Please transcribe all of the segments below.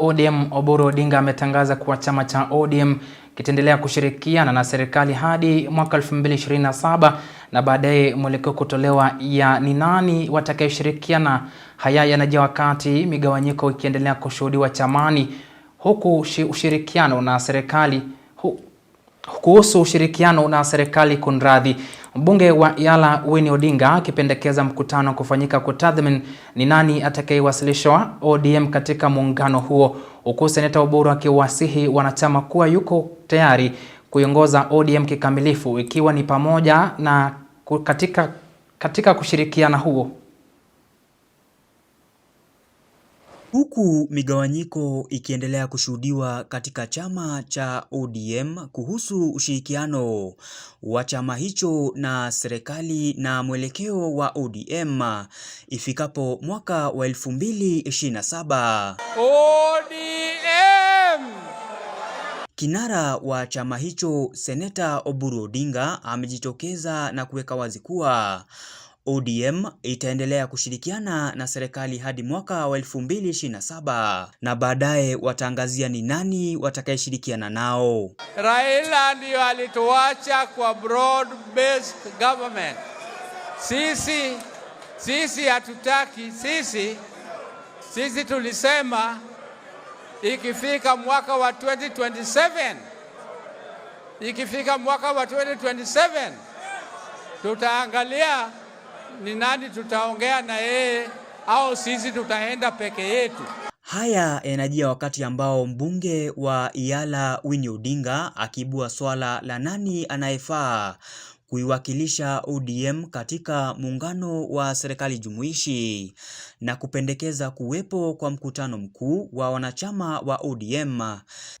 ODM Oburu Odinga ametangaza kuwa chama cha ODM kitaendelea kushirikiana na serikali hadi mwaka 2027 na baadaye mwelekeo kutolewa ya ni nani watakayeshirikiana. Haya yanajia wakati migawanyiko ikiendelea kushuhudiwa chamani huku ushirikiano na serikali kuhusu ushirikiano na serikali kunradhi Mbunge wa Yala Winnie Odinga akipendekeza mkutano kufanyika kutathmini ni nani atakayewasilishwa ODM katika muungano huo, huku seneta Oburu akiwasihi wanachama kuwa yuko tayari kuiongoza ODM kikamilifu ikiwa ni pamoja na katika, katika kushirikiana huo Huku migawanyiko ikiendelea kushuhudiwa katika chama cha ODM kuhusu ushirikiano wa chama hicho na serikali na mwelekeo wa ODM ifikapo mwaka wa 2027. ODM! Kinara wa chama hicho Seneta Oburu Odinga amejitokeza na kuweka wazi kuwa ODM itaendelea kushirikiana na serikali hadi mwaka wa 2027 na baadaye wataangazia ni nani watakayeshirikiana nao. Raila ndiyo alituacha kwa broad based government. Sisi sisi hatutaki sisi sisi tulisema ikifika mwaka wa 2027 ikifika mwaka wa 2027 tutaangalia ni nani tutaongea na yeye au sisi tutaenda peke yetu. Haya yanajia wakati ambao mbunge wa iala Winnie Odinga akibua swala la nani anayefaa kuiwakilisha ODM katika muungano wa serikali jumuishi na kupendekeza kuwepo kwa mkutano mkuu wa wanachama wa ODM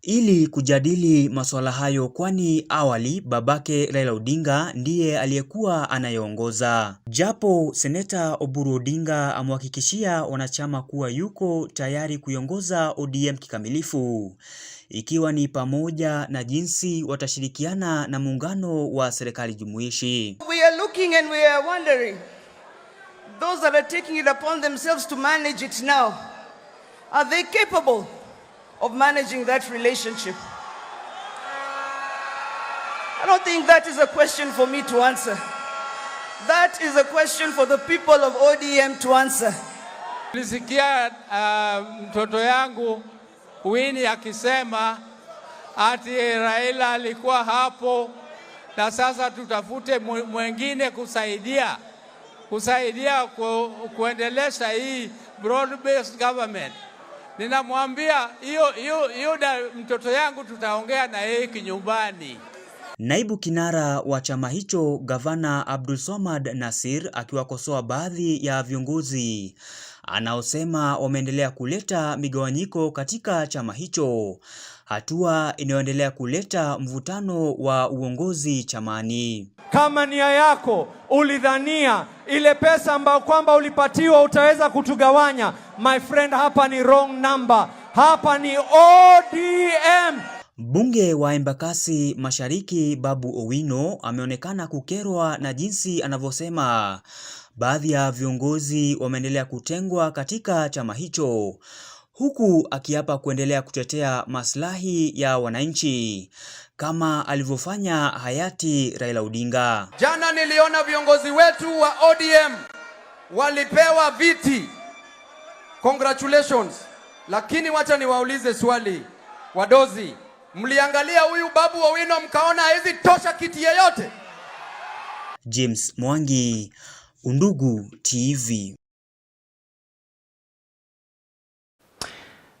ili kujadili masuala hayo, kwani awali babake Raila Odinga ndiye aliyekuwa anayeongoza. Japo seneta Oburu Odinga amewahakikishia wanachama kuwa yuko tayari kuiongoza ODM kikamilifu ikiwa ni pamoja na jinsi watashirikiana na muungano wa serikali jumuishi. kuishi. We are looking and we are wondering those that are taking it upon themselves to manage it now are they capable of managing that relationship? I don't think that is a question for me to answer. That is a question for the people of ODM to answer. Nilisikia uh, mtoto yangu akisema ati Raila alikuwa hapo na sasa tutafute mwengine kusaidia kusaidia ku, kuendelesha hii broad based government. Ninamwambia hiyo hiyo hiyo, mtoto yangu tutaongea na yeye kinyumbani. Naibu kinara wa chama hicho Gavana Somad Nasir akiwakosoa baadhi ya viongozi anaosema wameendelea kuleta migawanyiko katika chama hicho, hatua inayoendelea kuleta mvutano wa uongozi chamani. Kama nia yako ulidhania ile pesa ambayo kwamba ulipatiwa utaweza kutugawanya, my friend, hapa ni wrong number, hapa ni ODM. Mbunge wa Embakasi Mashariki Babu Owino ameonekana kukerwa na jinsi anavyosema baadhi ya viongozi wameendelea kutengwa katika chama hicho huku akiapa kuendelea kutetea maslahi ya wananchi kama alivyofanya hayati Raila Odinga. Jana niliona viongozi wetu wa ODM walipewa viti. Congratulations. Lakini wacha niwaulize swali wadozi, mliangalia huyu Babu Owino mkaona hizi tosha kiti yeyote? James Mwangi Undugu TV.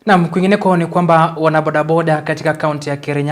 Naam, kwingineko ni kwamba wanabodaboda katika kaunti ya Kirinyaga